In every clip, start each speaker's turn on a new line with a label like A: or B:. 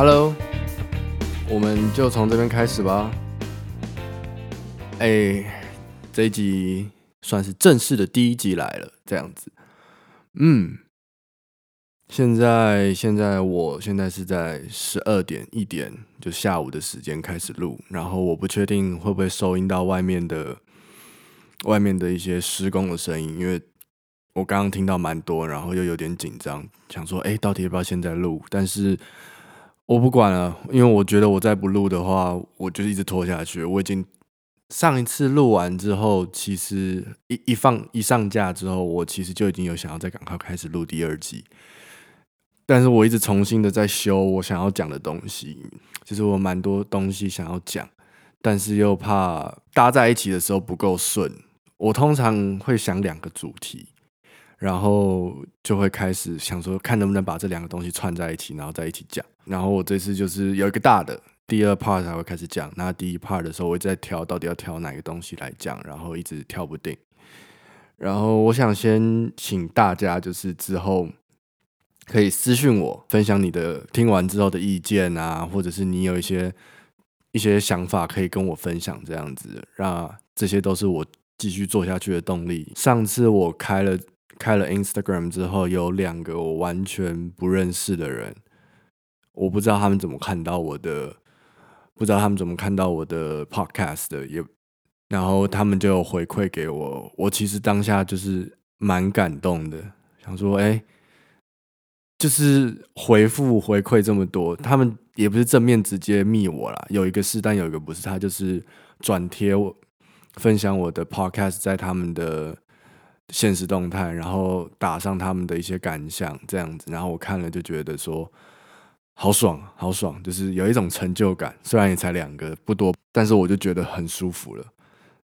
A: Hello，我們就從這邊開始吧。哎、欸，這一集算是正式的第一集來了，這樣子。嗯，現在現在我現在是在十二點一點，就下午的時間開始錄，然後我不確定會不會收音到外面的外面的一些施工的聲音，因為我剛剛聽到蠻多，然後又有點緊張，想說哎、欸，到底要不要現在錄？但是。我不管了，因為我覺得我再不錄的話，我就一直拖下去。我已經上一次錄完之後，其實一一放、一上架之後，我其實就已經有想要再趕快開始錄第二集。但是我一直重新的在修我想要講的東西，其實我蠻多東西想要講，但是又怕搭在一起的時候不夠順。我通常會想兩個主題。然後就會開始想說，看能不能把這兩個東西串在一起，然後再一起講。然後我這次就是有一個大的第二 part 才會開始講，那第一 part 的時候我會再挑到底要挑哪個東西來講，然後一直挑不定。然後我想先請大家就是之後可以私信我，分享你的聽完之後的意見啊，或者是你有一些一些想法可以跟我分享，這樣子讓這些都是我繼續做下去的動力。上次我開了。開了 Instagram 之後，有兩個我完全不認識的人，我不知道他們怎麼看到我的，不知道他們怎麼看到我的 Podcast 的，也然後他們就回饋給我，我其實當下就是蠻感動的，想說，哎、欸，就是回復回饋這麼多，他們也不是正面直接密我啦。有一個是，但有一個不是，他就是轉貼我分享我的 Podcast 在他們的。現實動態，然後打上他們的一些感想，這樣子，然後我看了就覺得說好爽，好爽，就是有一種成就感。雖然也才兩個不多，但是我就覺得很舒服了。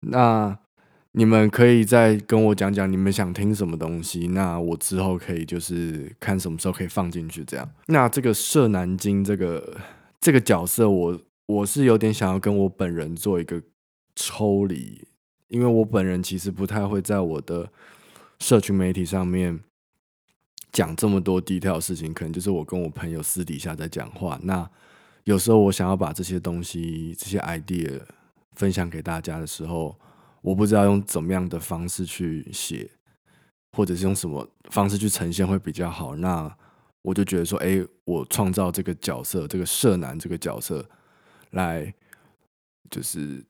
A: 那你們可以再跟我講講你們想聽什麼東西，那我之後可以就是看什麼時候可以放進去這樣。那這個社南京這個這個角色我，我我是有點想要跟我本人做一個抽離。因為我本人其實不太會在我的社群媒體上面講這麼多低調的事情，可能就是我跟我朋友私底下在講話。那有時候我想要把這些東西、這些 idea 分享給大家的時候，我不知道用怎麼樣的方式去寫，或者是用什麼方式去呈現會比較好。那我就覺得說，誒，我創造這個角色，這個社男這個角色，來就是。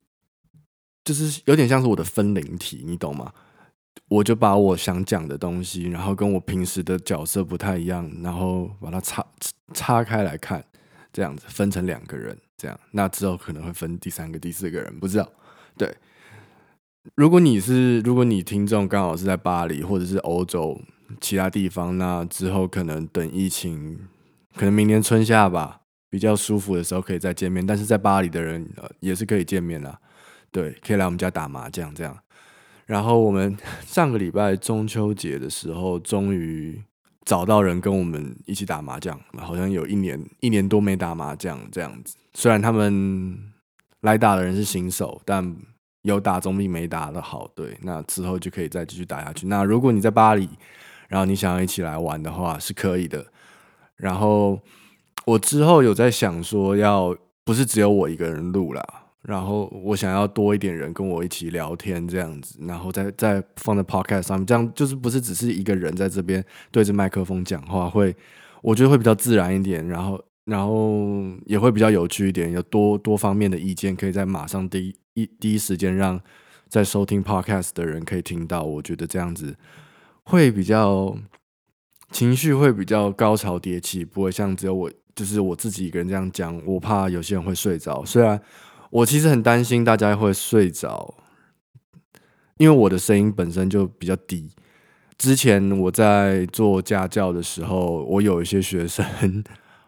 A: 就是有點像是我的分靈體，你懂嗎？我就把我想講的東西，然後跟我平時的角色不太一樣，然後把它岔岔開來看，這樣子分成兩個人，這樣。那之後可能會分第三個、第四個人，不知道。對，如果你是，如果你聽眾剛好是在巴黎或者是歐洲其他地方，那之後可能等疫情，可能明年春夏吧，比較舒服的時候可以再見面。但是在巴黎的人，呃，也是可以見面啦。對，可以來我們家打麻將這樣。然後我們上個禮拜中秋節的時候，終於找到人跟我們一起打麻將。好像有一年一年多沒打麻將這樣子。雖然他們來打的人是新手，但有打總比沒打的好。對，那之後就可以再繼續打下去。那如果你在巴黎，然後你想要一起來玩的話，是可以的。然後我之後有在想說，要不是只有我一個人錄啦。然後我想要多一點人跟我一起聊天，這樣子，然後再再放在 podcast 上面，這樣就是不是只是一個人在這邊對着麥克風講話，會我覺得會比較自然一點，然後然後也會比較有趣一點，有多多方面的意見，可以在馬上第一一第一時間讓在收聽 podcast 的人可以聽到，我覺得這樣子會比較情緒會比較高潮迭起，不會像只有我就是我自己一個人這樣講，我怕有些人會睡着，雖然。我其實很擔心大家會睡着，因為我的聲音本身就比較低。之前我在做家教的時候，我有一些學生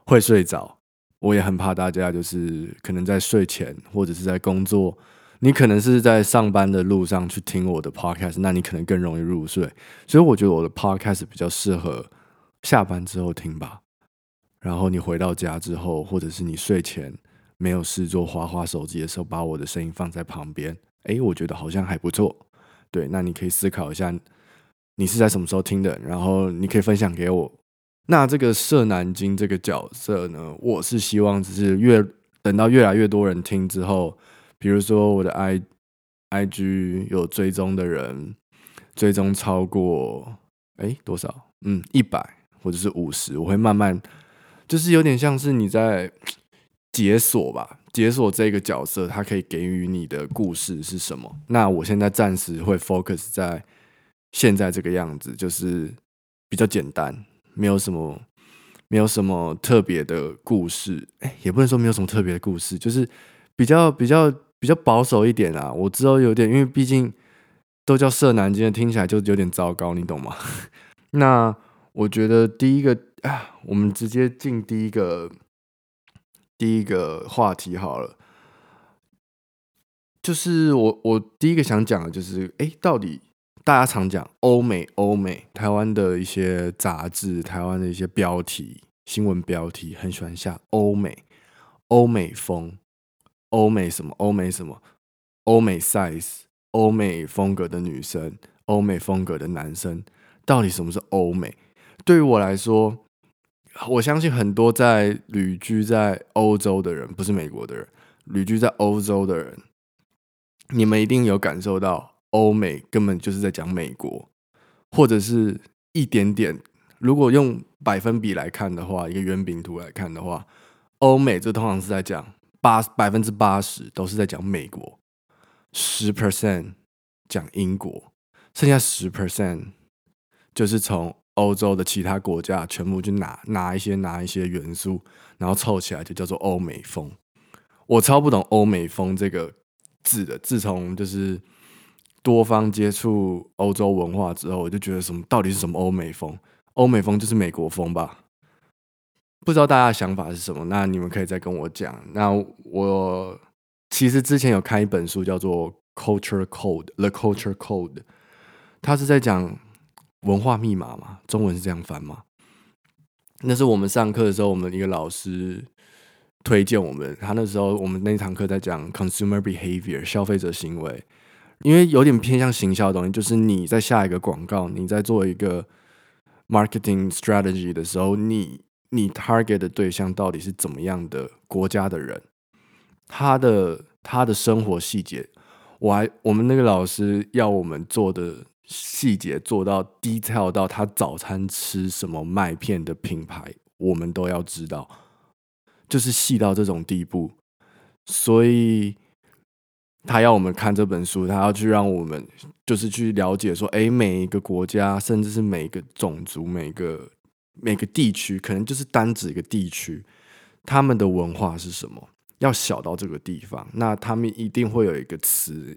A: 會睡着，我也很怕大家就是可能在睡前或者是在工作，你可能是在上班的路上去聽我的 podcast，那你可能更容易入睡。所以我覺得我的 podcast 比較適合下班之後聽吧，然後你回到家之後，或者是你睡前。沒有事做，滑滑手機的時候，把我的聲音放在旁邊，哎，我覺得好像還不錯。對，那你可以思考一下，你是在什麼時候聽的？然後你可以分享給我。那這個社男經這個角色呢？我是希望只是越等到越來越多人聽之後，比如說我的 IG 有追蹤的人，追蹤超過哎多少？嗯，一百或者是五十，我會慢慢就是有點像是你在。解鎖吧，解鎖這個角色，它可以給予你的故事是什麼？那我現在暫時會 focus 在現在這個樣子，就是比較簡單，沒有什麼沒有什麼特別的故事，哎，也不能說沒有什麼特別的故事，就是比較比較比較保守一點啊。我知道有點，因為畢竟都叫社男經的，聽起來就有點糟糕，你懂嗎？ 那我覺得第一個啊，我們直接進第一個。第一個話題好了，就是我我第一個想講的就是，哎、欸，到底大家常講歐美歐美，台灣的一些雜誌，台灣的一些標題新聞標題，很喜歡下歐美歐美風，歐美什麼歐美什麼歐美 size，歐美風格的女生，歐美風格的男生，到底什麼是歐美？對於我來說。我相信很多在旅居在歐洲的人，不是美國的人，旅居在歐洲的人，你們一定有感受到，歐美根本就是在講美國，或者是一點點。如果用百分比來看的話，一個圓餅圖來看的話，歐美這通常是在講八百分之八十都是在講美國，十 percent 講英國，剩下十 percent 就是從。歐洲的其他國家全部去拿拿一些，拿一些元素，然後湊起來就叫做歐美風。我超不懂“歐美風”這個字的。自從就是多方接觸歐洲文化之後，我就覺得什麼到底是什麼歐美風？歐美風就是美國風吧？不知道大家的想法是什麼？那你們可以再跟我講。那我其實之前有看一本書，叫做《Culture Code》，《The Culture Code》，它是在講。文化密碼嘛，中文是這樣翻嗎？那是我們上課的時候，我們一個老師推薦我們。他那時候我們那堂課在講 consumer behavior，消費者行為，因為有點偏向行銷的東西，就是你在下一個廣告，你在做一個 marketing strategy 的時候，你你 target 的對象到底是怎麼樣的國家的人，他的他的生活細節，我還我們那個老師要我們做的。細節做到 detail 到他早餐吃什麼麥片的品牌，我們都要知道，就是細到這種地步。所以他要我們看這本書，他要去讓我們就是去了解說，誒、欸，每一個國家，甚至是每一個種族、每個每個地區，可能就是單指一個地區，他們的文化是什麼？要小到這個地方，那他們一定會有一個詞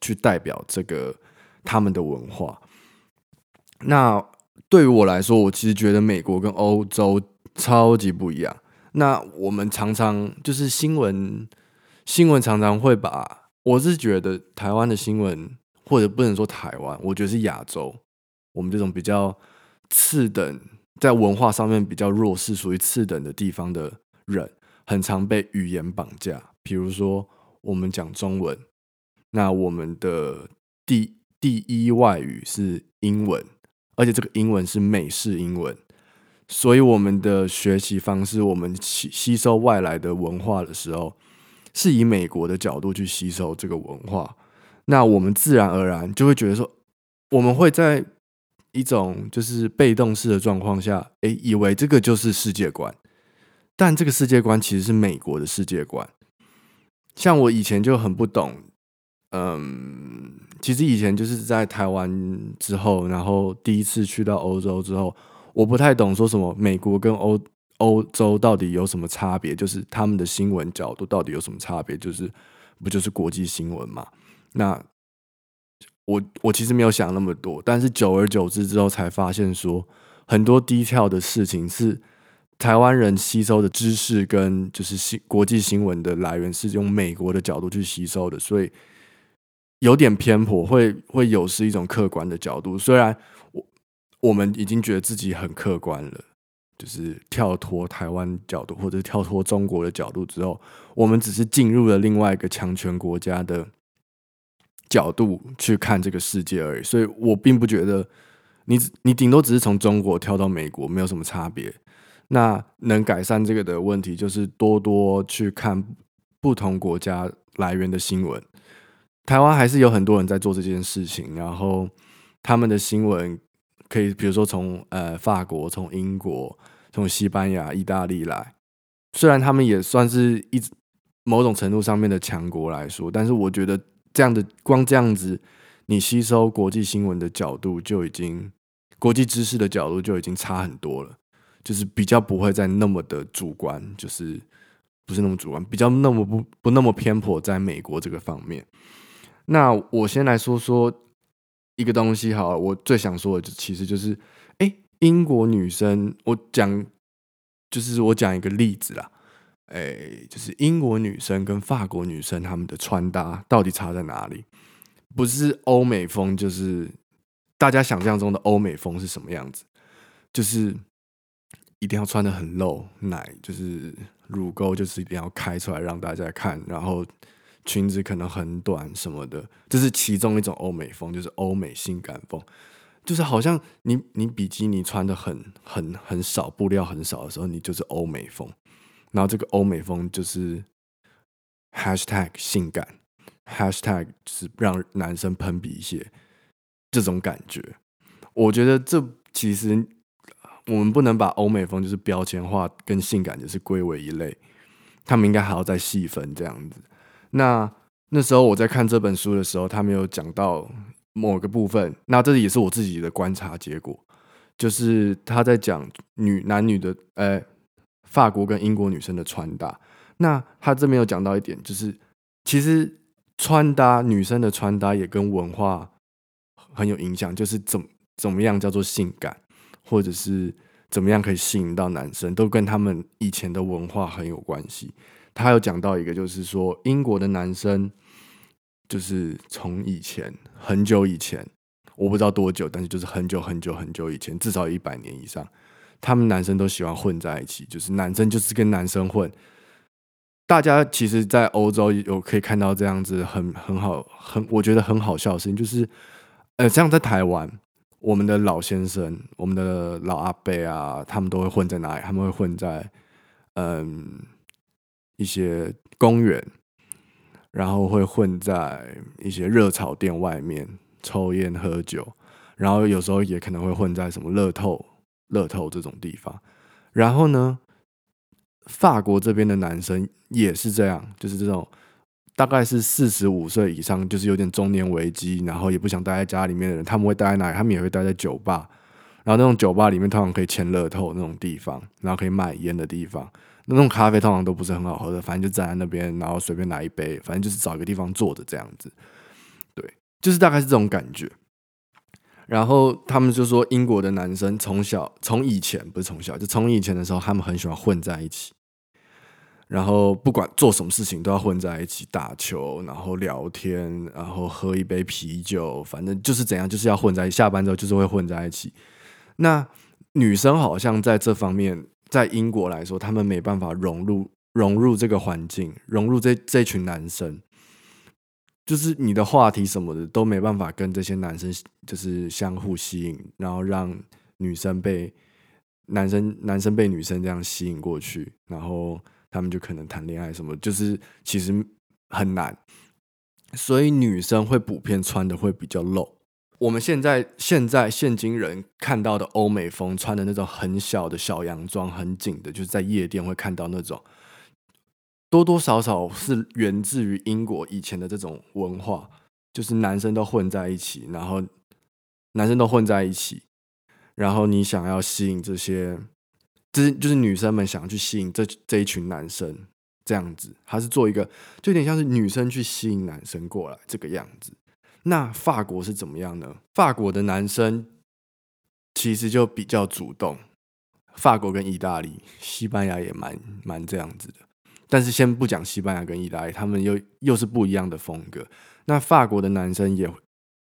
A: 去代表這個。他們的文化，那對於我來說，我其實覺得美國跟歐洲超級不一樣。那我們常常就是新聞，新聞常常會把，我是覺得台灣的新聞，或者不能說台灣，我覺得是亞洲，我們這種比較次等，在文化上面比較弱勢，屬於次等的地方的人，很常被語言綁架。比如說，我們講中文，那我們的第。第一外語是英文，而且這個英文是美式英文，所以我們的學習方式，我們吸吸收外來的文化的時候，是以美國的角度去吸收這個文化。那我們自然而然就會覺得說，我們會在一種就是被動式的狀況下，哎、欸，以為這個就是世界觀，但這個世界觀其實是美國的世界觀。像我以前就很不懂。嗯，其實以前就是在台灣之後，然後第一次去到歐洲之後，我不太懂說什麼美國跟歐歐洲到底有什麼差別，就是他們的新聞角度到底有什麼差別，就是不就是國際新聞嘛？那我我其實沒有想那麼多，但是久而久之之後才發現說，說很多 detail 的事情是台灣人吸收的知識跟就是新國際新聞的來源是用美國的角度去吸收的，所以。有點偏頗，會會有失一種客觀的角度。雖然我我們已經覺得自己很客觀了，就是跳脫台灣角度，或者跳脫中國的角度之後，我們只是進入了另外一個強權國家的角度去看這個世界而已。所以我並不覺得你你頂多只是從中國跳到美國，沒有什麼差別。那能改善這個的問題，就是多多去看不同國家來源的新聞。台灣還是有很多人在做這件事情，然後他們的新聞可以，比如說從呃法國、從英國、從西班牙、意大利來。雖然他們也算是一某種程度上面的強國來說，但是我覺得這樣的光這樣子，你吸收國際新聞的角度就已經國際知識的角度就已經差很多了。就是比較不會再那麼的主觀，就是不是那麼主觀，比較那麼不不那麼偏頗，在美國這個方面。那我先來說說一個東西好，我最想說的就其實就是，哎、欸，英國女生，我講就是我講一個例子啦，哎、欸，就是英國女生跟法國女生她們的穿搭到底差在哪裡？不是歐美風，就是大家想象中的歐美風是什麼樣子？就是一定要穿得很露奶，就是乳溝就是一定要開出來讓大家看，然後。裙子可能很短什麼的，這是其中一種歐美風，就是歐美性感風，就是好像你你比基尼穿的很很很少，布料很少的時候，你就是歐美風。然後這個歐美風就是 hashtag 性感 hashtag 是讓男生噴鼻血這種感覺。我覺得這其實我們不能把歐美風就是標籤化跟性感就是歸為一類，他們應該還要再細分這樣子。那那時候我在看這本書的時候，他沒有講到某個部分。那這也是我自己的觀察結果，就是他在講女男女的呃、欸、法國跟英國女生的穿搭。那他這邊有講到一點，就是其實穿搭女生的穿搭也跟文化很有影響，就是怎怎麼樣叫做性感，或者是怎麼樣可以吸引到男生，都跟他們以前的文化很有關係。他有講到一個，就是說英國的男生，就是從以前很久以前，我不知道多久，但是就是很久很久很久以前，至少一百年以上，他們男生都喜歡混在一起，就是男生就是跟男生混。大家其實，在歐洲有可以看到這樣子很很好很我覺得很好笑的事情，就是呃，像在台灣，我們的老先生，我們的老阿伯啊，他們都會混在哪裡？他們會混在嗯。一些公園，然後會混在一些熱炒店外面抽煙喝酒，然後有時候也可能會混在什麼樂透、樂透這種地方。然後呢，法國這邊的男生也是這樣，就是這種大概是四十五歲以上，就是有點中年危機，然後也不想待在家裡面的人，他們會待在哪裡？他們也會待在酒吧，然後那種酒吧裡面通常可以簽樂透那種地方，然後可以賣煙的地方。那種咖啡通常都不是很好喝的，反正就站在那邊，然後隨便拿一杯，反正就是找一個地方坐着這樣子。對，就是大概是這種感覺。然後他們就說，英國的男生從小從以前不是從小就從以前的時候，他們很喜歡混在一起。然後不管做什麼事情都要混在一起打球，然後聊天，然後喝一杯啤酒，反正就是怎樣，就是要混在一起，下班之後就是會混在一起。那女生好像在這方面。在英國來說，他們沒辦法融入，融入這個環境，融入這這群男生，就是你的話題什麼的都沒辦法跟這些男生就是相互吸引，然後讓女生被男生，男生被女生這樣吸引過去，然後他們就可能談戀愛什麼，就是其實很難，所以女生會普遍穿的會比較露。我們現在現在現今人看到的歐美風穿的那種很小的小洋裝，很緊的，就是在夜店會看到那種，多多少少是源自於英國以前的這種文化，就是男生都混在一起，然後男生都混在一起，然後你想要吸引這些，就是就是女生們想要去吸引這這一群男生這樣子，還是做一個，就有點像是女生去吸引男生過來這個樣子。那法國是怎麼樣呢？法國的男生其實就比較主動，法國跟意大利、西班牙也蠻蠻這樣子的。但是先不講西班牙跟意大利，他們又又是不一樣的風格。那法國的男生也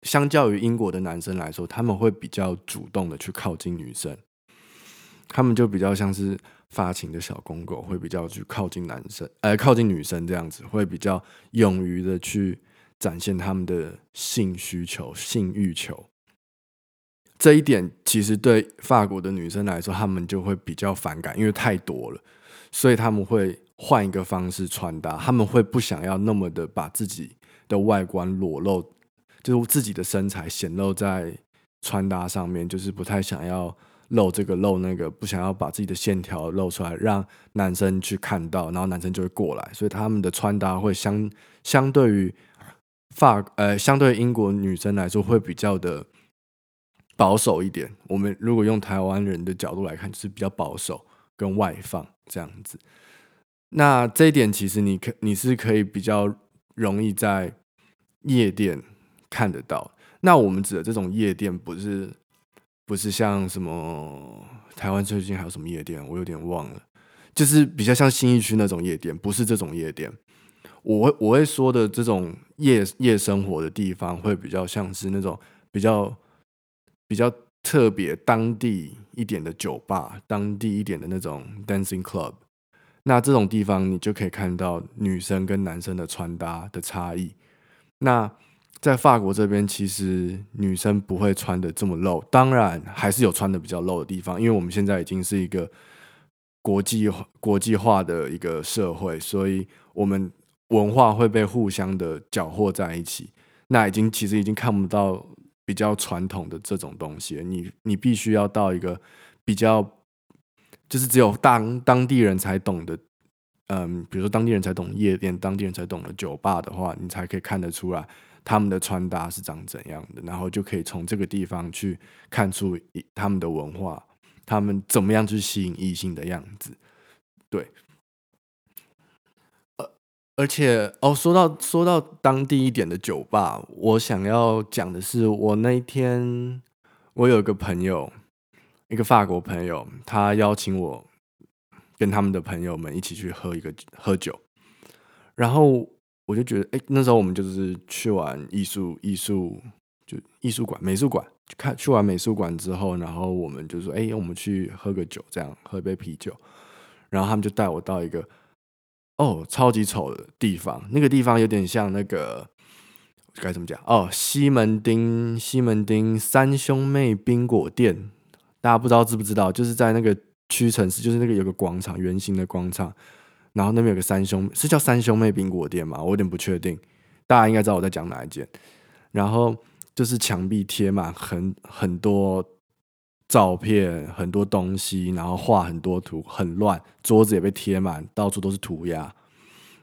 A: 相較於英國的男生來說，他們會比較主動的去靠近女生，他們就比較像是發情的小公狗，會比較去靠近男生，而、呃、靠近女生這樣子，會比較勇於的去。展現他們的性需求、性欲求，這一點其實對法國的女生來說，她們就會比較反感，因為太多了，所以他們會換一個方式穿搭，他們會不想要那麼的把自己的外觀裸露，就是自己的身材顯露在穿搭上面，就是不太想要露這個露那個，不想要把自己的線條露出來，讓男生去看到，然後男生就會過來，所以他們的穿搭會相相對於。發呃，相對英國女生來說會比較的保守一點。我們如果用台灣人的角度來看，就是比較保守跟外放這樣子。那這一點其實你可你是可以比較容易在夜店看得到。那我們指的這種夜店，不是不是像什麼台灣最近還有什麼夜店，我有點忘了，就是比較像信義區那種夜店，不是這種夜店。我會我會說的這種夜夜生活的地方，會比較像是那種比較比較特別、當地一點的酒吧，當地一點的那種 dancing club。那這種地方，你就可以看到女生跟男生的穿搭的差異。那在法國這邊，其實女生不會穿的這麼露，當然還是有穿的比較露的地方，因為我們現在已經是一個國際國際化的一個社會，所以我們。文化會被互相的攪和在一起，那已經其實已經看不到比較傳統的這種東西了。你你必須要到一個比較，就是只有當當地人才懂的，嗯，比如說當地人才懂夜店，當地人才懂的酒吧的話，你才可以看得出來他們的穿搭是長怎樣的，然後就可以從這個地方去看出他們的文化，他們怎麼樣去吸引異性的樣子，對。而且哦，說到說到當地一點的酒吧，我想要講的是，我那一天我有一個朋友，一個法國朋友，他邀請我跟他們的朋友們一起去喝一個喝酒，然後我就覺得，哎、欸，那時候我們就是去完藝術藝術就藝術館美術館，去看去完美術館之後，然後我們就說，哎、欸，我們去喝個酒，這樣喝一杯啤酒，然後他們就帶我到一個。哦，超級醜的地方，那個地方有點像那個該怎麼講？哦，西門町西門町三兄妹冰果店，大家不知道知不知道？就是在那個屈臣氏，就是那個有個廣場圓形的廣場，然後那邊有個三兄是叫三兄妹冰果店嗎？我有點不確定，大家應該知道我在講哪一間。然後就是牆壁貼滿很很多。照片很多東西，然後畫很多圖，很亂，桌子也被貼滿，到處都是塗鴉。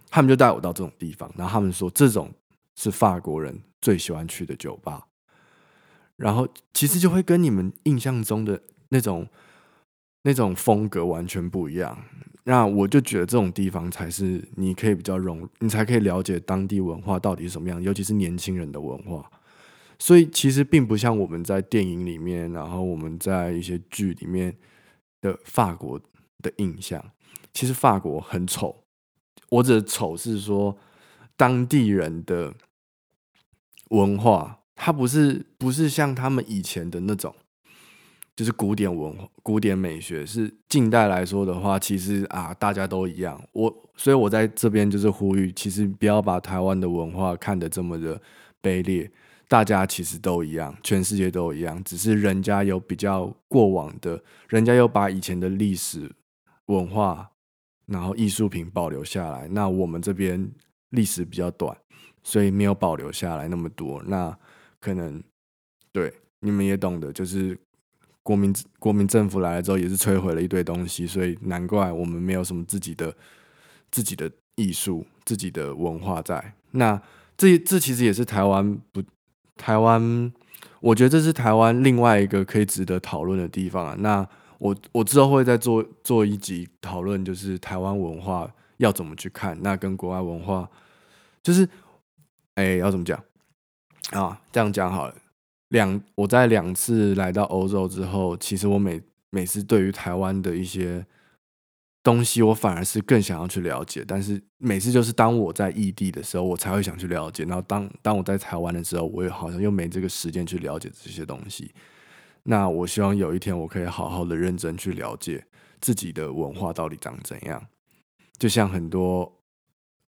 A: 他們就帶我到這種地方，然後他們說，這種是法國人最喜歡去的酒吧。然後其實就會跟你們印象中的那種那種風格完全不一樣。那我就覺得這種地方才是你可以比較容，你才可以了解當地文化到底是什麼樣，尤其是年輕人的文化。所以其實並不像我們在電影裡面，然後我們在一些劇裡面的法國的印象。其實法國很醜，我指醜是說當地人的文化，它不是不是像他們以前的那種，就是古典文化、古典美學。是近代來說的話，其實啊，大家都一樣。我所以我在這邊就是呼籲，其實不要把台灣的文化看得這麼的卑劣。大家其實都一樣，全世界都一樣，只是人家有比較過往的，人家有把以前的歷史文化，然後藝術品保留下來。那我們這邊歷史比較短，所以沒有保留下來那麼多。那可能對你們也懂得，就是國民國民政府來了之後，也是摧毀了一堆東西，所以難怪我們沒有什麼自己的自己的藝術、自己的文化在。那這這其實也是台灣不。台灣，我覺得這是台灣另外一個可以值得討論的地方啊。那我我之後會再做做一集討論，就是台灣文化要怎麼去看，那跟國外文化就是，哎、欸，要怎麼講啊？這樣講好了。兩我在兩次來到歐洲之後，其實我每每次對於台灣的一些。東西我反而是更想要去了解，但是每次就是當我在異地的時候，我才會想去了解。然後當當我在台灣的時候，我也好像又沒這個時間去了解這些東西。那我希望有一天我可以好好的認真去了解自己的文化到底長怎樣。就像很多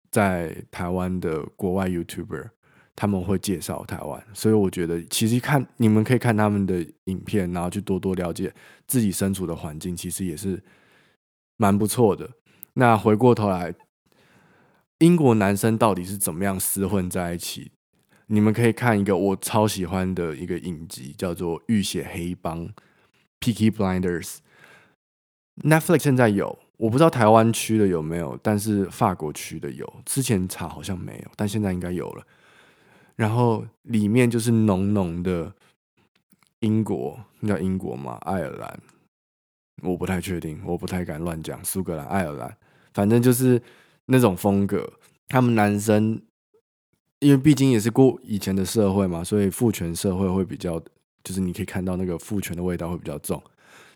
A: 在台灣的國外 YouTuber，他們會介紹台灣，所以我覺得其實看你們可以看他們的影片，然後去多多了解自己身處的環境，其實也是。蠻不錯的。那回過頭來，英國男生到底是怎麼樣廝混在一起？你們可以看一個我超喜歡的一個影集，叫做《浴血黑幫》（Peaky Blinders）。Netflix 現在有，我不知道台灣區的有沒有，但是法國區的有。之前查好像沒有，但現在應該有了。然後裡面就是濃濃的英國，你知道英國嗎？愛爾蘭。我不太確定，我不太敢亂講。蘇格蘭、愛爾蘭，反正就是那種風格。他們男生，因為畢竟也是過以前的社會嘛，所以父權社會會比較，就是你可以看到那個父權的味道會比較重。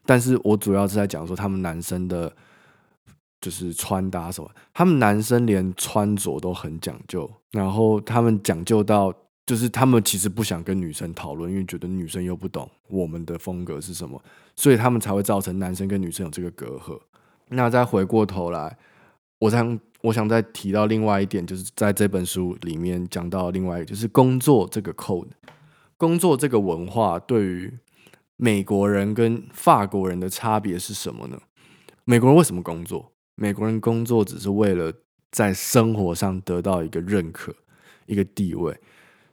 A: 但是我主要是在講說他們男生的，就是穿搭什麼，他們男生連穿着都很講究，然後他們講究到。就是他們其實不想跟女生討論，因為覺得女生又不懂我們的風格是什麼，所以他們才會造成男生跟女生有這個隔閡。那再回過頭來，我想我想再提到另外一點，就是在這本書裡面講到另外一個，就是工作這個 code，工作這個文化對於美國人跟法國人的差別是什麼呢？美國人為什麼工作？美國人工作只是為了在生活上得到一個認可，一個地位。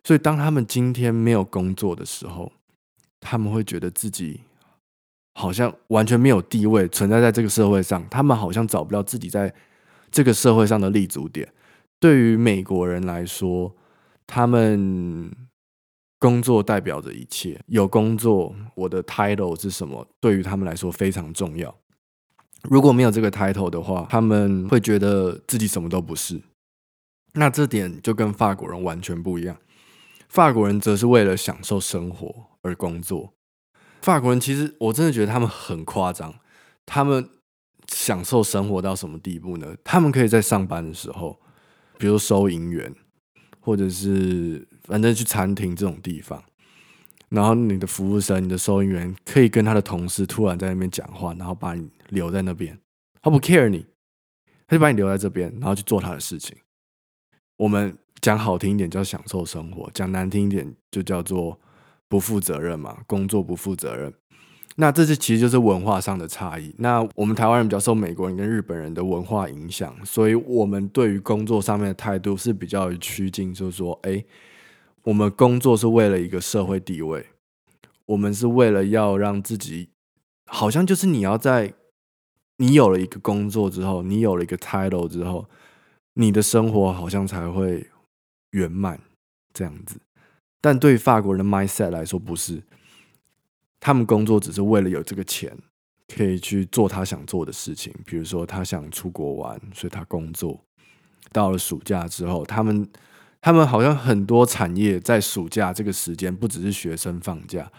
A: 所以，當他們今天沒有工作的時候，他們會覺得自己好像完全沒有地位存在在這個社會上。他們好像找不到自己在這個社會上的立足點。對於美國人來說，他們工作代表着一切。有工作，我的 title 是什麼，對於他們來說非常重要。如果沒有這個 title 的話，他們會覺得自己什麼都不是。那這點就跟法國人完全不一樣。法國人則是為了享受生活而工作。法國人其實，我真的覺得他們很誇張。他們享受生活到什麼地步呢？他們可以在上班的時候，比如收銀員，或者是反正去餐廳這種地方，然後你的服務生、你的收銀員可以跟他的同事突然在那邊講話，然後把你留在那邊，他不 care 你，他就把你留在這邊，然後去做他的事情。我們。講好聽一點叫享受生活，講難聽一點就叫做不負責任嘛。工作不負責任，那這是其實就是文化上的差異。那我們台灣人比較受美國人跟日本人的文化影響，所以我們對於工作上面的態度是比較有趨近，就是說，哎、欸，我們工作是為了一個社會地位，我們是為了要讓自己，好像就是你要在你有了一個工作之後，你有了一個 title 之後，你的生活好像才會。圓滿這樣子，但對法國人的 mindset 來說不是，他們工作只是為了有這個錢可以去做他想做的事情，比如說他想出國玩，所以他工作到了暑假之後，他們他們好像很多產業在暑假這個時間不只是學生放假，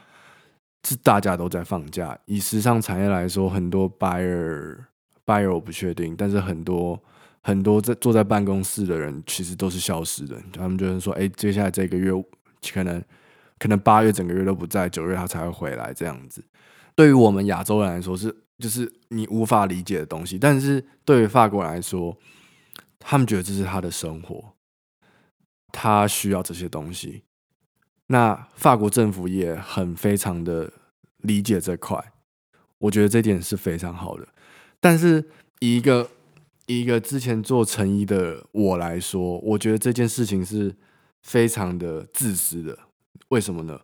A: 是大家都在放假。以時尚產業來說，很多 buyer buyer 我不確定，但是很多。很多在坐在辦公室的人其實都是消失的，他們覺得說，哎、欸，接下來這個月可能可能八月整個月都不在，九月他才會回來這樣子。對於我們亞洲人來說是就是你無法理解的東西，但是對於法國人來說，他們覺得這是他的生活，他需要這些東西。那法國政府也很非常的理解這塊，我覺得這點是非常好的。但是以一個。以一個之前做成衣的我來說，我覺得這件事情是非常的自私的。為什麼呢？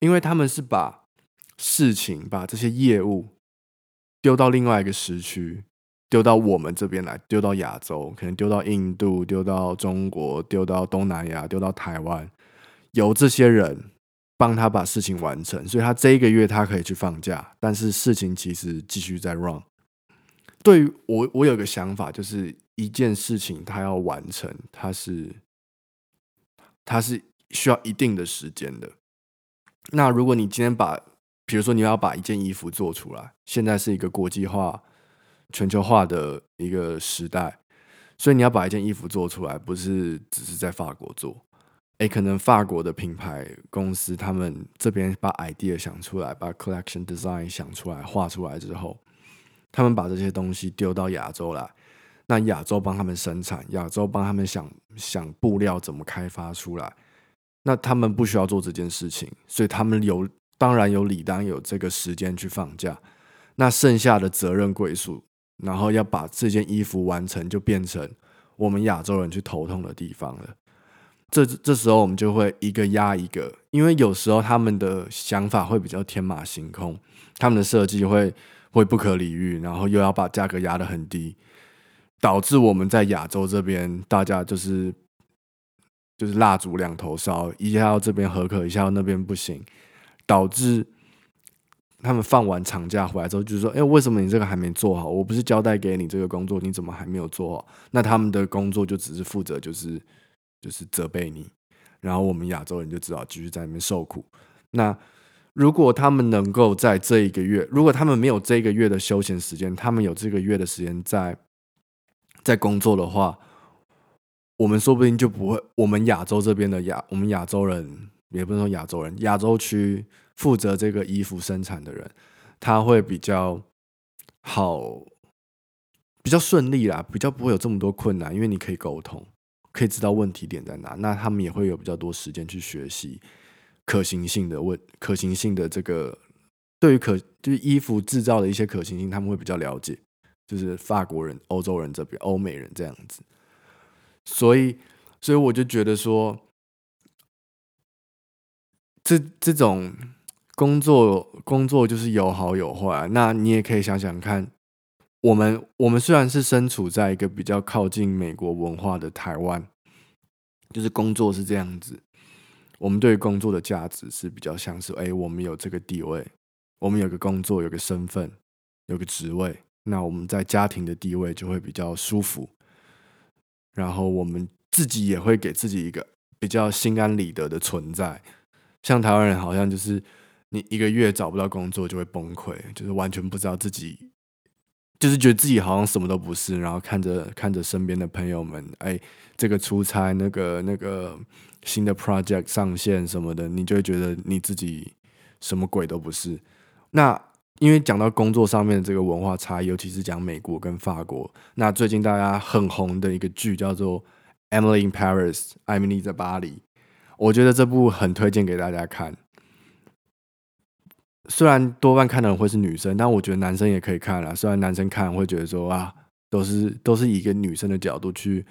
A: 因為他們是把事情、把這些業務丟到另外一個時區，丟到我們這邊來，丟到亞洲，可能丟到印度、丟到中國、丟到東南亞、丟到台灣，由這些人幫他把事情完成。所以他這一個月他可以去放假，但是事情其實繼續在 run。對於我，我有個想法，就是一件事情它要完成，它是它是需要一定的時間的。那如果你今天把，比如說你要把一件衣服做出來，現在是一個國際化、全球化的一個時代，所以你要把一件衣服做出來，不是只是在法國做。哎，可能法國的品牌公司他們這邊把 idea 想出來，把 collection design 想出來，畫出來之後。他們把這些東西丟到亞洲來，那亞洲幫他們生產，亞洲幫他們想想布料怎麼開發出來，那他們不需要做這件事情，所以他們有當然有理當有這個時間去放假，那剩下的責任歸屬，然後要把這件衣服完成，就變成我們亞洲人去頭痛的地方了。這這時候我們就會一個壓一個，因為有時候他們的想法會比較天馬行空，他們的設計會。會不可理喻，然後又要把價格壓得很低，導致我們在亞洲這邊大家就是就是蠟燭兩頭燒，一下到這邊合格，一下到那邊不行，導致他們放完長假回來之後，就是說，哎、欸，為什麼你這個還沒做好？我不是交代給你這個工作，你怎麼還沒有做好？那他們的工作就只是負責就是就是責備你，然後我們亞洲人就只好繼續在那邊受苦。那。如果他們能夠在這一個月，如果他們沒有這一個月的休閒時間，他們有這個月的時間在在工作的話，我們說不定就不會。我們亞洲這邊的亞，我們亞洲人，也不能說亞洲人，亞洲區負責這個衣服生產的人，他會比較好，比較順利啦，比較不會有這麼多困難，因為你可以溝通，可以知道問題點在哪。那他們也會有比較多時間去學習。可行性的問，可行性的這個對於可就是衣服製造的一些可行性，他們會比較了解，就是法國人、歐洲人這邊、歐美人這樣子。所以，所以我就覺得說，這這種工作工作就是有好有壞啊。那你也可以想想看，我們我們雖然是身處在一個比較靠近美國文化的台灣，就是工作是這樣子。我們對於工作的價值是比較像是，哎、欸，我們有這個地位，我們有個工作，有個身份，有個職位，那我們在家庭的地位就會比較舒服，然後我們自己也會給自己一個比較心安理得的存在。像台灣人好像就是，你一個月找不到工作就會崩潰，就是完全不知道自己，就是覺得自己好像什麼都不是，然後看着看着身邊的朋友們，哎、欸，這個出差，那個那個。新的 project 上線什麼的，你就會覺得你自己什麼鬼都不是。那因為講到工作上面的這個文化差異，尤其是講美國跟法國。那最近大家很紅的一個劇叫做《Emily in Paris》，艾米麗在巴黎。我覺得這部很推薦給大家看。雖然多半看的人會是女生，但我覺得男生也可以看啦。雖然男生看會覺得說啊，都是都是以一個女生的角度去。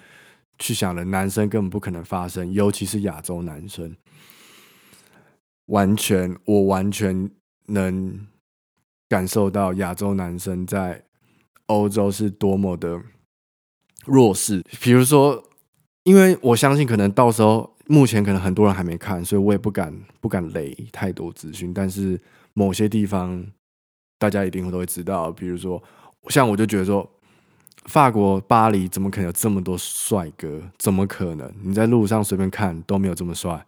A: 去想了，男生根本不可能發生，尤其是亞洲男生。完全，我完全能感受到亞洲男生在歐洲是多麼的弱勢。比如說，因為我相信，可能到時候目前可能很多人還沒看，所以我也不敢不敢雷太多資訊。但是某些地方，大家一定會都會知道。比如說，像我就覺得說。法國巴黎怎麼可能有這麼多帥哥？怎麼可能？你在路上隨便看都沒有這麼帥。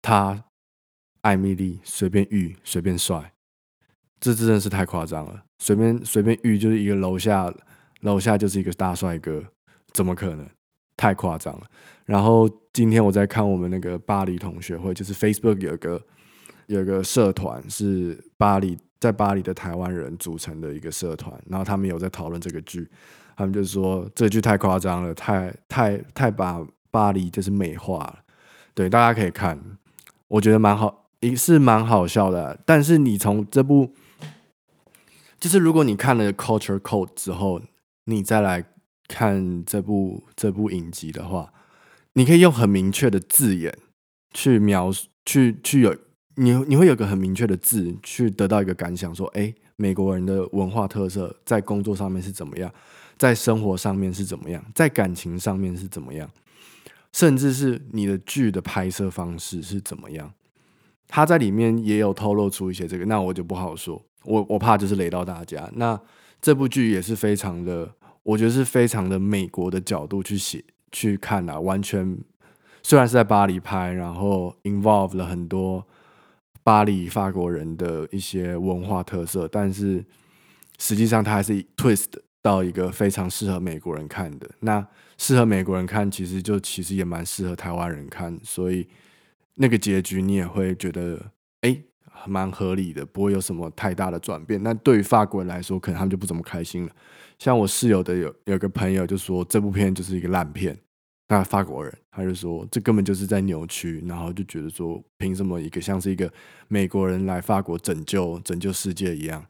A: 他艾蜜莉隨便遇隨便帥，這真的是太誇張了。隨便隨便遇就是一個樓下樓下就是一個大帥哥，怎麼可能？太誇張了。然後今天我在看我們那個巴黎同學會，就是 Facebook 有個有個社團是巴黎在巴黎的台灣人組成的一個社團，然後他們有在討論這個劇。他們就說這句太誇張了，太太太把巴黎就是美化了。對，大家可以看，我覺得蠻好，也是蠻好笑的啊。但是你從這部，就是如果你看了《Culture Code》之後，你再來看這部這部影集的話，你可以用很明確的字眼去描述，去去有你你會有個很明確的字去得到一個感想說，說哎，美國人的文化特色在工作上面是怎麼樣？在生活上面是怎麼樣，在感情上面是怎麼樣，甚至是你的劇的拍攝方式是怎麼樣，他在裡面也有透露出一些這個，那我就不好說，我我怕就是雷到大家。那這部劇也是非常的，我覺得是非常的美國的角度去寫去看啊，完全雖然是在巴黎拍，然後 involve 了很多巴黎法國人的一些文化特色，但是實際上它還是 twist。到一個非常適合美國人看的，那適合美國人看，其實就其實也蠻適合台灣人看，所以那個結局你也會覺得誒，蠻合理的，不會有什麼太大的轉變。那對於法國人來說，可能他們就不怎麼開心了。像我室友的有有個朋友就說，這部片就是一個爛片。那法國人他就說，這根本就是在扭曲，然後就覺得說，憑什麼一個像是一個美國人來法國拯救拯救世界一樣，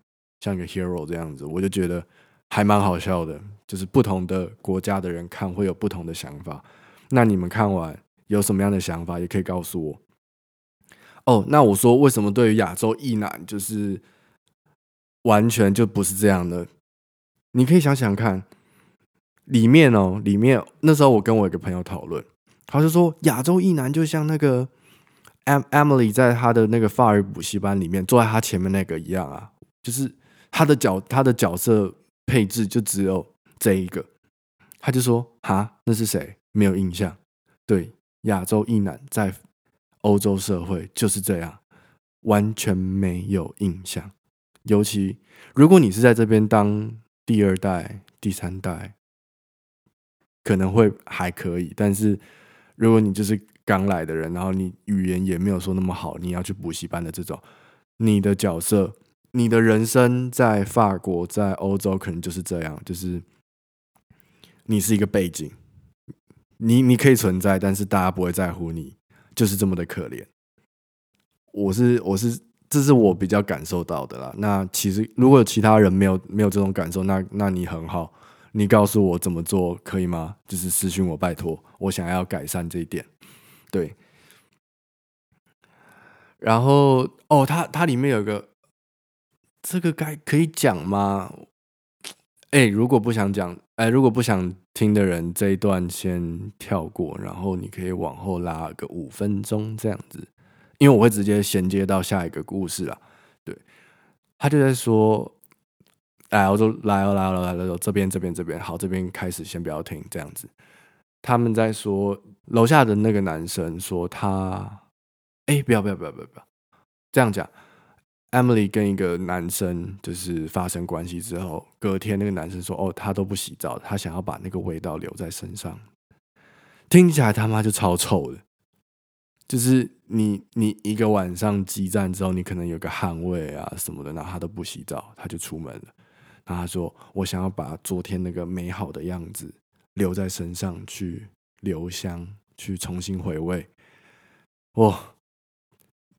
A: 像一個 hero 這樣子，我就覺得。還蠻好笑的，就是不同的國家的人看會有不同的想法。那你們看完有什麼樣的想法，也可以告訴我哦。那我說為什麼對於亞洲異男就是完全就不是這樣的？你可以想想看，裡面哦，裡面那時候我跟我一個朋友討論，他就說亞洲異男就像那個艾艾米麗在他的那個法語補習班裡面坐在他前面那個一樣啊，就是他的角他的角色配置就只有這一個，他就說：“哈，那是誰？沒有印象。”對，亞洲異男在歐洲社會就是這樣，完全沒有印象。尤其如果你是在這邊當第二代、第三代，可能會還可以；但是如果你就是剛來的人，然後你語言也沒有說那麼好，你要去補習班的這種，你的角色。你的人生在法國，在歐洲，可能就是這樣，就是你是一個背景，你你可以存在，但是大家不會在乎你，就是這麼的可憐。我是我是，這是我比較感受到的啦。那其實如果有其他人沒有沒有這種感受，那那你很好，你告訴我怎麼做可以嗎？就是私訊我，拜託，我想要改善這一點。對。然後哦，它它裡面有一個。這個該可以講嗎？哎、欸，如果不想講，哎、欸，如果不想聽的人，這一段先跳過，然後你可以往後拉個五分鐘這樣子，因為我會直接銜接到下一個故事了。對，他就在說，哎、欸，我說來哦，來哦，來哦，來哦，這邊，這邊，這邊，好，這邊開始，先不要停這樣子。他們在說樓下的那個男生說他，哎、欸，不要，不要，不要，不要，不要這樣講。Emily 跟一個男生就是發生關係之後，隔天那個男生說：“哦，他都不洗澡，他想要把那個味道留在身上。”聽起來他媽就超臭的。就是你，你一個晚上激戰之後，你可能有個汗味啊什麼的，然後他都不洗澡，他就出門了。然後他說：“我想要把昨天那個美好的樣子留在身上，去留香，去重新回味。”哇！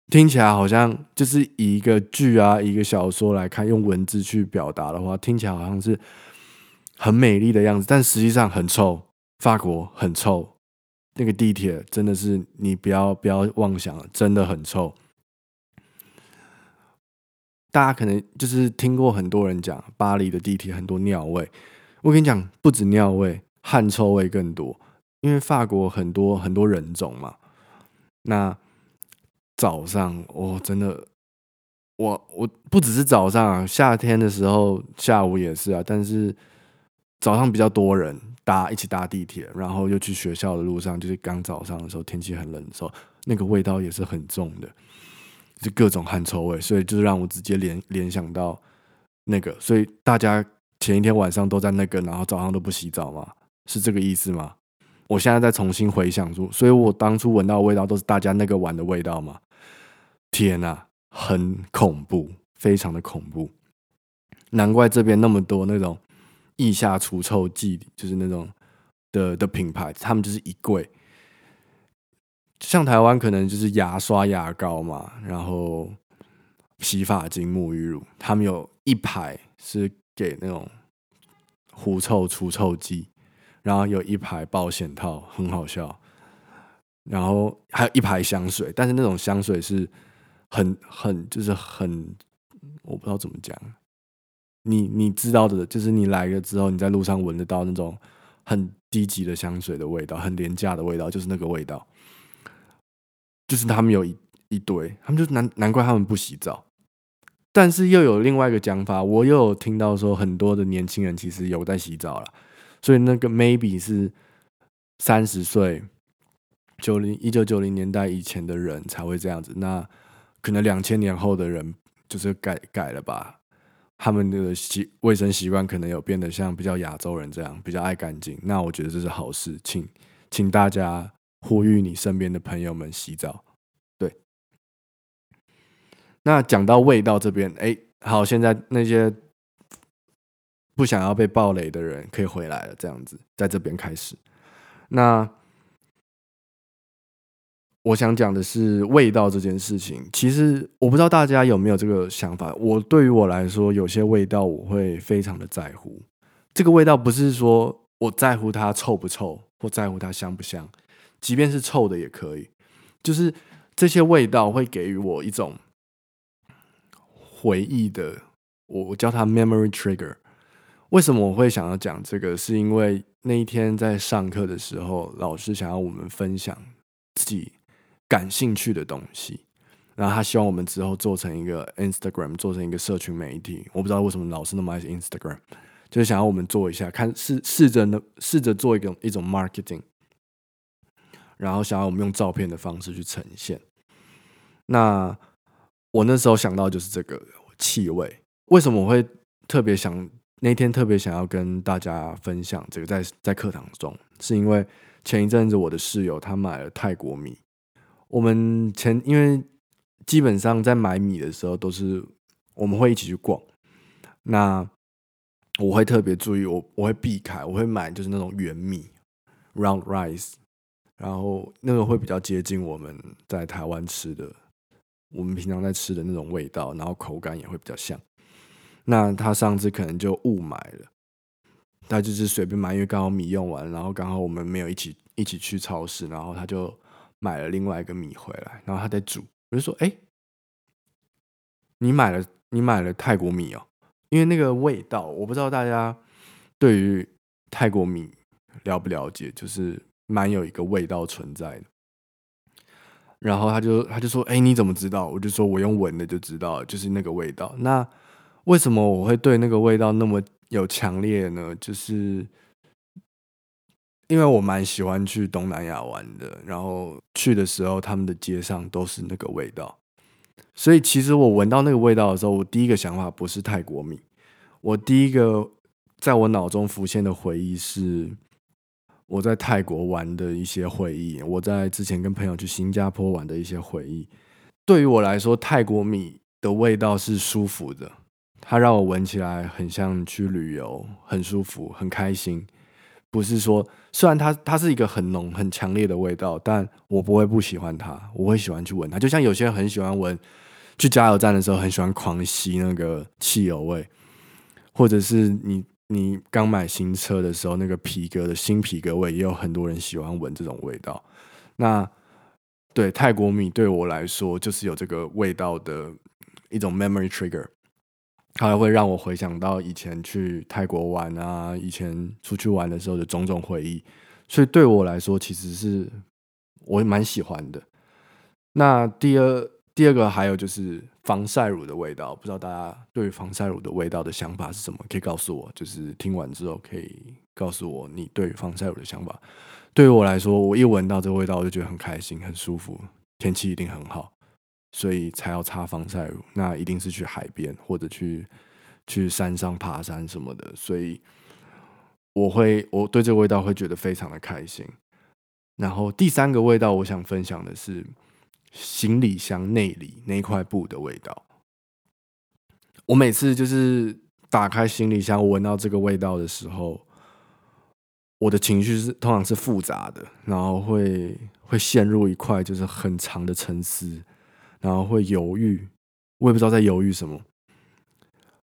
A: 聽起來好像就是以一個劇啊，一個小說來看，用文字去表達的話，聽起來好像是很美麗的樣子，但實際上很臭。法國很臭，那個地鐵真的是你不要，不要妄想了，真的很臭。大家可能就是聽過很多人講巴黎的地鐵很多尿味，我跟你講，不止尿味，汗臭味更多，因為法國很多很多人種嘛，那，早上，我真的，我我不只是早上啊，夏天的時候下午也是啊，但是早上比較多人搭一起搭地鐵，然後又去學校的路上，就是剛早上的時候天氣很冷的時候，那個味道也是很重的，就各種汗臭味，所以就是讓我直接聯聯想到那個，所以大家前一天晚上都在那個，然後早上都不洗澡嘛，是這個意思嗎？我現在再重新回想出，所以我當初聞到的味道都是大家那個玩的味道嘛。天啊，很恐怖，非常的恐怖。難怪這邊那麼多那種腋下除臭劑，就是那種的的品牌，他們就是一櫃。像台灣可能就是牙刷、牙膏嘛，然後洗髮精、沐浴乳，他們有一排是給那種狐臭除臭劑，然後有一排保險套，很好笑，然後還有一排香水，但是那種香水是。很很就是很，我不知道怎麼講，你你知道的，就是你來了之後，你在路上聞得到那種很低級的香水的味道，很廉價的味道，就是那個味道，就是他們有一一堆，他們就難難怪他們不洗澡，但是又有另外一個講法，我又有聽到說很多的年輕人其實有在洗澡了，所以那個 maybe 是三十歲，九零，一九九零年代以前的人才會這樣子，那。可能兩千年後的人就是改改了吧，他們的習衛生習慣可能有變得像比較亞洲人這樣，比較愛乾淨。那我覺得這是好事，請請大家呼籲你身邊的朋友們洗澡。對，那講到味道這邊，哎，好，現在那些不想要被爆雷的人可以回來了，這樣子在這邊開始。那我想講的是味道這件事情。其實我不知道大家有沒有這個想法。我對於我來說，有些味道我會非常的在乎。這個味道不是說我在乎它臭不臭，或在乎它香不香，即便是臭的也可以。就是這些味道會給予我一種回憶的，我我叫它 memory trigger。為什麼我會想要講這個？是因為那一天在上課的時候，老師想要我們分享自己。感興趣的東西，然後他希望我們之後做成一個 Instagram，做成一個社群媒體。我不知道為什麼老師那麼愛 Instagram，就是想要我們做一下，看試試着呢，試着做一個一種 marketing，然後想要我們用照片的方式去呈現。那我那時候想到就是這個氣味，為什麼我會特別想那天特別想要跟大家分享這個，在在課堂中，是因為前一陣子我的室友他買了泰國米。我們前因為基本上在買米的時候都是我們會一起去逛，那我會特別注意，我我會避開，我會買就是那種圓米 （round rice），然後那個會比較接近我們在台灣吃的，我們平常在吃的那種味道，然後口感也會比較像。那他上次可能就誤買了，他就是隨便買，因為剛好米用完，然後剛好我們沒有一起一起去超市，然後他就。買了另外一個米回來，然後他在煮。我就說：“哎，你買了你買了泰國米哦，因為那個味道，我不知道大家對於泰國米了不了解，就是蠻有一個味道存在的。”然後他就他就說：“哎，你怎麼知道？”我就說：“我用聞的就知道，就是那個味道。那為什麼我會對那個味道那麼有強烈呢？就是。”因為我蠻喜歡去東南亞玩的，然後去的時候，他們的街上都是那個味道，所以其實我聞到那個味道的時候，我第一個想法不是泰國米，我第一個在我腦中浮現的回憶是我在泰國玩的一些回憶，我在之前跟朋友去新加坡玩的一些回憶。對於我來說，泰國米的味道是舒服的，它讓我聞起來很像去旅遊，很舒服，很開心，不是說。雖然它它是一個很濃很強烈的味道，但我不會不喜歡它，我會喜歡去聞它。就像有些人很喜歡聞，去加油站的時候很喜歡狂吸那個汽油味，或者是你你剛買新車的時候那個皮革的新皮革味，也有很多人喜歡聞這種味道。那對泰國米對我來說，就是有這個味道的一種 memory trigger。它還會讓我回想到以前去泰國玩啊，以前出去玩的時候的種種回憶，所以對我來說，其實是我蠻喜歡的。那第二第二個還有就是防曬乳的味道，不知道大家對防曬乳的味道的想法是什麼？可以告訴我，就是聽完之後可以告訴我你對防曬乳的想法。對於我來說，我一聞到這個味道，我就覺得很開心、很舒服，天氣一定很好。所以才要擦防曬乳，那一定是去海邊或者去去山上爬山什麼的。所以我會我對這個味道會覺得非常的開心。然後第三個味道，我想分享的是行李箱內裡那塊布的味道。我每次就是打開行李箱，聞到這個味道的時候，我的情緒是通常是複雜的，然後會會陷入一塊就是很長的沉思。然後會猶豫，我也不知道在猶豫什麼。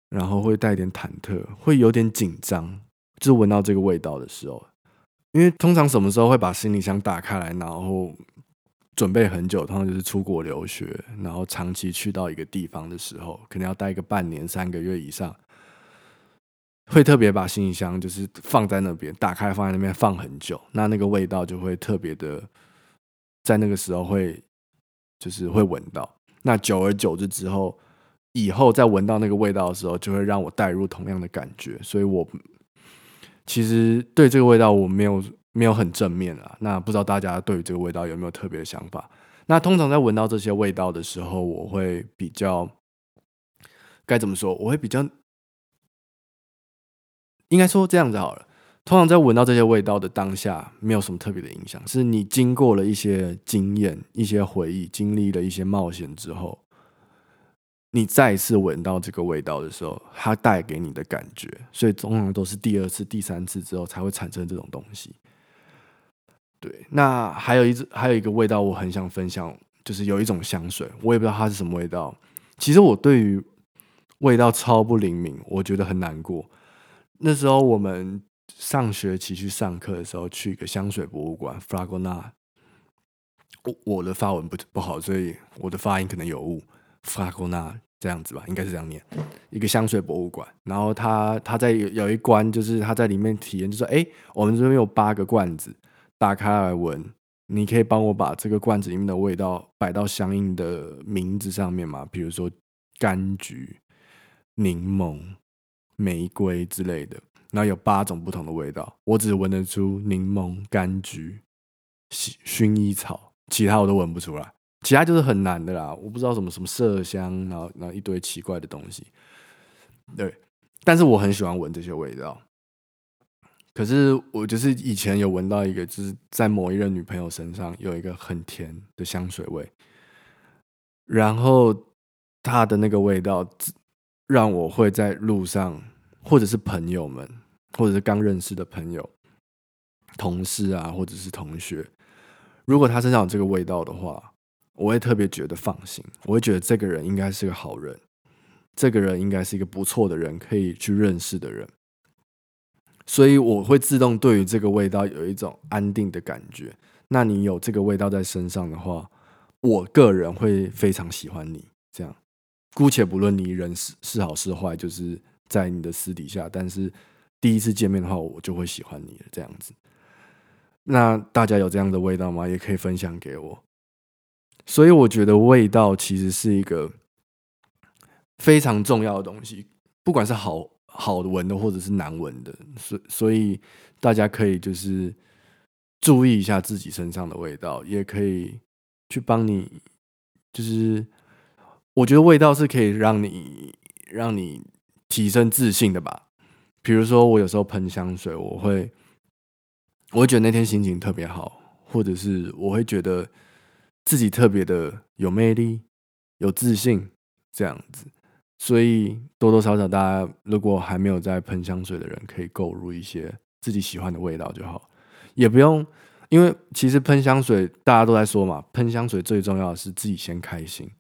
A: 然後會帶點忐忑，會有點緊張。就聞到這個味道的時候，因為通常什麼時候會把行李箱打開來，然後準備很久，通常就是出國留學，然後長期去到一個地方的時候，可能要待個半年、三個月以上，會特別把行李箱就是放在那邊，打開放在那邊放很久。那那個味道就會特別的，在那個時候會。就是會聞到，那久而久之之後，以後再聞到那個味道的時候，就會讓我帶入同樣的感覺，所以我其實對這個味道我沒有沒有很正面了啊。那不知道大家對於這個味道有沒有特別的想法？那通常在聞到這些味道的時候，我會比較該怎麼說？我會比較應該說這樣子好了。通常在聞到這些味道的當下，沒有什麼特別的影響。是你經過了一些經驗、一些回憶、經歷了一些冒險之後，你再次聞到這個味道的時候，它帶給你的感覺。所以通常都是第二次、第三次之後才會產生這種東西。對，那還有一還有一個味道，我很想分享，就是有一種香水，我也不知道它是什麼味道。其實我對於味道超不靈敏，我覺得很難過。那時候我們。上學期去上課的時候，去一個香水博物館，Fragona。我我的法文不不好，所以我的發音可能有誤，Fragona 這樣子吧，應該是這樣念，一個香水博物館。然後他他在有一關，就是他在裡面體驗，就說：“哎、欸，我們這邊有八個罐子，打開來聞，你可以幫我把這個罐子裡面的味道擺到相應的名字上面嗎？比如說柑橘、檸檬、玫瑰之類的。”然後有八種不同的味道，我只聞得出檸檬、柑橘、薰衣草，其他我都聞不出來。其他就是很難的啦，我不知道什麼什麼麝香，然後然後一堆奇怪的東西。對，但是我很喜歡聞這些味道。可是我就是以前有聞到一個，就是在某一任女朋友身上有一個很甜的香水味，然後她的那個味道，讓我會在路上或者是朋友們。或者是剛認識的朋友、同事啊，或者是同學，如果他身上有這個味道的話，我會特別覺得放心。我會覺得這個人應該是個好人，這個人應該是一個不錯的人，可以去認識的人。所以我會自動對於這個味道有一種安定的感覺。那你有這個味道在身上的話，我個人會非常喜歡你。這樣，姑且不論你人是是好是壞，就是在你的私底下，但是。第一次見面的話，我就會喜歡你了。這樣子，那大家有這樣的味道嗎？也可以分享給我。所以我覺得味道其實是一個非常重要的東西，不管是好好聞的，或者是難聞的。所所以大家可以就是注意一下自己身上的味道，也可以去幫你。就是我覺得味道是可以讓你讓你提升自信的吧。比如說，我有時候噴香水，我會，我會覺得那天心情特別好，或者是我會覺得自己特別的有魅力、有自信這樣子。所以多多少少，大家如果還沒有在噴香水的人，可以購入一些自己喜歡的味道就好，也不用，因為其實噴香水大家都在說嘛，噴香水最重要的是自己先開心。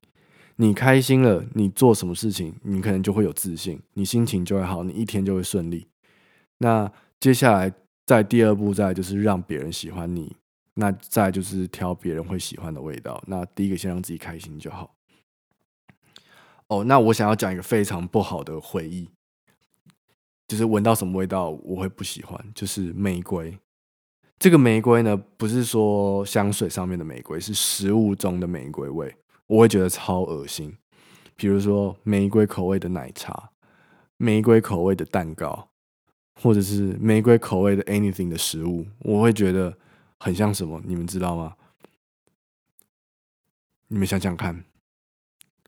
A: 你開心了，你做什麼事情，你可能就會有自信，你心情就會好，你一天就會順利。那接下來在第二步，再就是讓別人喜歡你，那再就是挑別人會喜歡的味道。那第一個先讓自己開心就好。哦，那我想要講一個非常不好的回憶，就是聞到什麼味道我會不喜歡，就是玫瑰。這個玫瑰呢，不是說香水上面的玫瑰，是食物中的玫瑰味。我會覺得超噁心，比如說玫瑰口味的奶茶、玫瑰口味的蛋糕，或者是玫瑰口味的 anything 的食物，我會覺得很像什麼？你們知道嗎？你們想想看，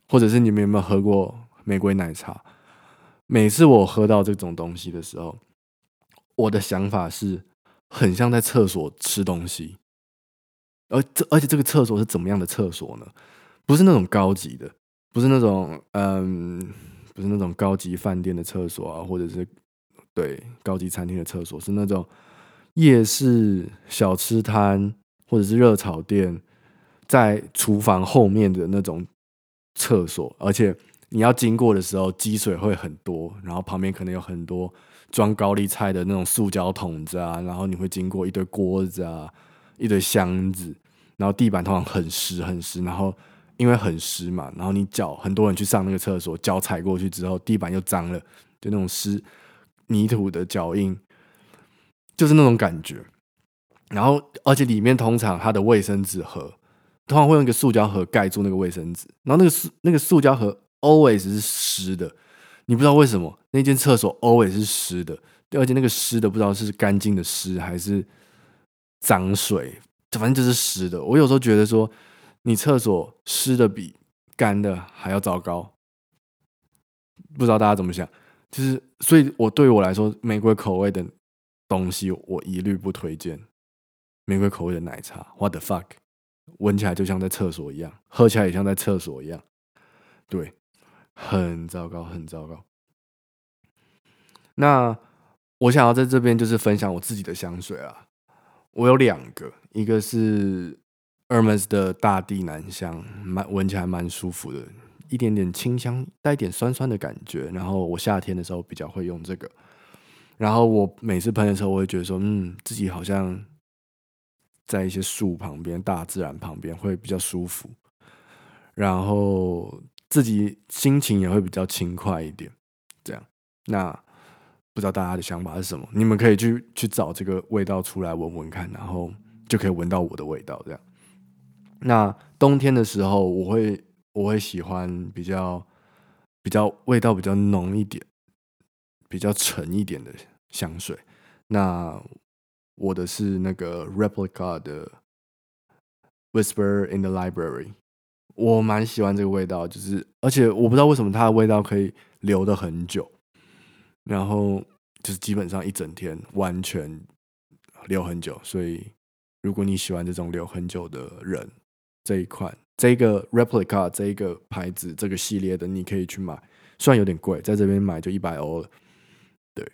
A: 或者是你們有沒有喝過玫瑰奶茶？每次我喝到這種東西的時候，我的想法是很像在廁所吃東西，而這而且這個廁所是怎麼樣的廁所呢？不是那種高級的，不是那種嗯，不是那種高級飯店的廁所啊，或者是對高級餐廳的廁所，是那種夜市小吃攤或者是熱炒店在廚房後面的那種廁所，而且你要經過的時候積水會很多，然後旁邊可能有很多裝高麗菜的那種塑膠桶子啊，然後你會經過一堆鍋子啊、一堆箱子，然後地板通常很濕很濕，然後。因為很濕嘛，然後你腳很多人去上那個廁所，腳踩過去之後，地板又髒了，就那種濕泥土的腳印，就是那種感覺。然後，而且裡面通常它的衛生紙盒通常會用一個塑膠盒蓋住那個衛生紙，然後那個那個塑膠盒 always 是濕的，你不知道為什麼那間廁所 always 是濕的，而且那個濕的不知道是乾淨的濕還是髒水，反正就是濕的。我有時候覺得說。你廁所濕的比乾的還要糟糕，不知道大家怎麼想？就是，所以我對於我來說，玫瑰口味的東西我一律不推薦。玫瑰口味的奶茶，what the fuck？聞起來就像在廁所一樣，喝起來也像在廁所一樣，對，很糟糕，很糟糕。那我想要在這邊就是分享我自己的香水啊，我有兩個，一個是。Hermes 的大地男香，蠻聞起來蠻舒服的，一點點清香，帶一點酸酸的感覺。然後我夏天的時候比較會用這個，然後我每次噴的時候，我會覺得說，嗯，自己好像在一些樹旁邊，大自然旁邊會比較舒服，然後自己心情也會比較輕快一點。這樣，那不知道大家的想法是什麼？你們可以去去找這個味道出來聞聞看，然後就可以聞到我的味道這樣。那冬天的時候，我會我會喜歡比較比較味道比較濃一點、比較沉一點的香水。那我的是那個 Replica 的 Whisper in the Library，我蠻喜歡這個味道，就是而且我不知道為什麼它的味道可以留得很久，然後就是基本上一整天完全留很久，所以如果你喜歡這種留很久的人。這一款，這個 replica 這一個牌子，這個系列的，你可以去買，雖然有點貴，在這邊買就一百歐了，對，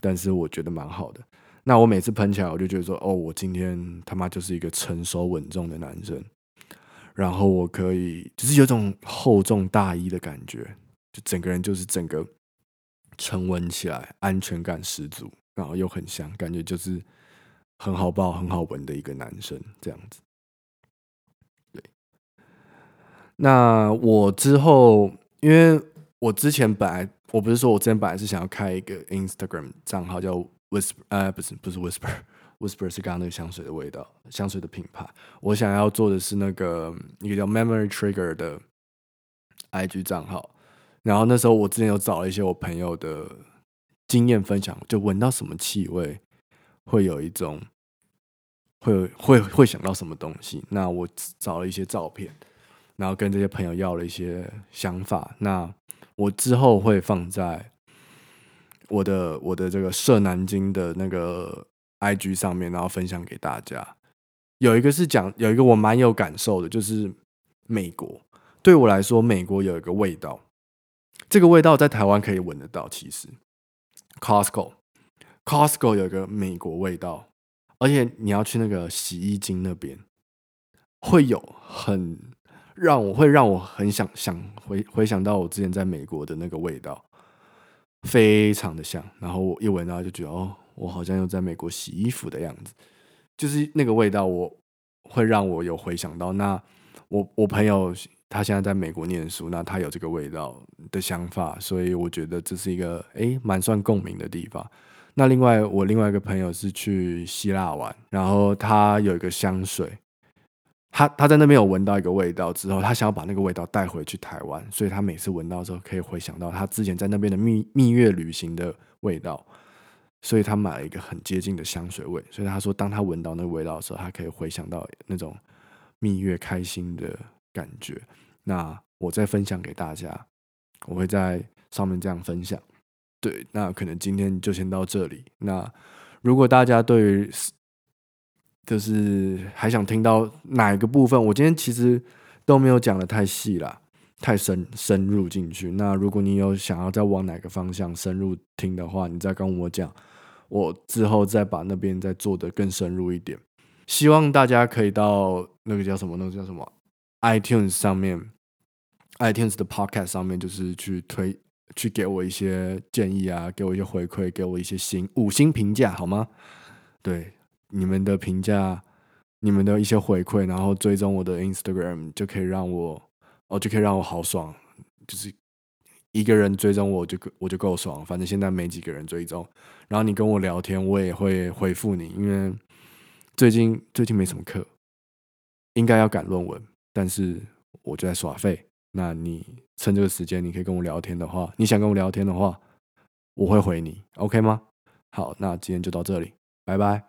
A: 但是我覺得蠻好的。那我每次噴起來，我就覺得說，哦，我今天他媽就是一個成熟穩重的男生，然後我可以就是有種厚重大衣的感覺，就整個人就是整個沉穩起來，安全感十足，然後又很香，感覺就是很好抱、很好聞的一個男生這樣子。那我之後，因為我之前本來，我不是說我之前本來是想要開一個 Instagram 賬號叫 Whisper，呃，不是不是 Whisper，Whisper 是剛剛那個香水的味道，香水的品牌。我想要做的是那個一個叫 Memory Trigger 的 IG 賬號。然後那時候我之前有找了一些我朋友的經驗分享，就聞到什麼氣味會有一種，會會會想到什麼東西。那我找了一些照片。然後跟這些朋友要了一些想法，那我之後會放在我的我的這個社男經的那個 IG 上面，然後分享給大家。有一個是講，有一個我蠻有感受的，就是美國。對我來說，美國有一個味道，這個味道在台灣可以聞得到。其實，Costco，Costco Costco 有一個美國味道，而且你要去那個洗衣精那邊會有很。讓我會讓我很想想，回回想到我之前在美國的那個味道，非常的像。然後我一聞到就覺得哦，我好像又在美國洗衣服的樣子，就是那個味道我，我會讓我有回想到。那我，我朋友他現在在美國念書，那他有這個味道的想法，所以我覺得這是一個誒，蠻算共鳴的地方。那另外我另外一個朋友是去希臘玩，然後他有一個香水。他他在那邊有聞到一個味道之後，他想要把那個味道帶回去台灣，所以他每次聞到的時候，可以回想到他之前在那邊的蜜蜜月旅行的味道，所以他買了一個很接近的香水味。所以他說，當他聞到那個味道的時候，他可以回想到那種蜜月開心的感覺。那我再分享給大家，我會在上面這樣分享。對，那可能今天就先到這裡。那如果大家對於……就是還想聽到哪個部分？我今天其實都沒有講的太細了，太深深入進去。那如果你有想要再往哪個方向深入聽的話，你再跟我講，我之後再把那邊再做的更深入一點。希望大家可以到那個叫什麼，那個叫什麼，iTunes 上面，iTunes 的 podcast 上面，就是去推，去給我一些建議啊，給我一些回饋，給我一些星五星評價好嗎？對。你們的評價，你們的一些回饋，然後追蹤我的 Instagram，就可以讓我哦，就可以讓我好爽。就是一個人追蹤我就我就夠爽，反正現在沒幾個人追蹤。然後你跟我聊天，我也會回復你，因為最近最近沒什麼課，應該要趕論文，但是我就在耍廢。那你趁這個時間，你可以跟我聊天的話，你想跟我聊天的話，我會回你，OK 嗎？好，那今天就到這裡，拜拜。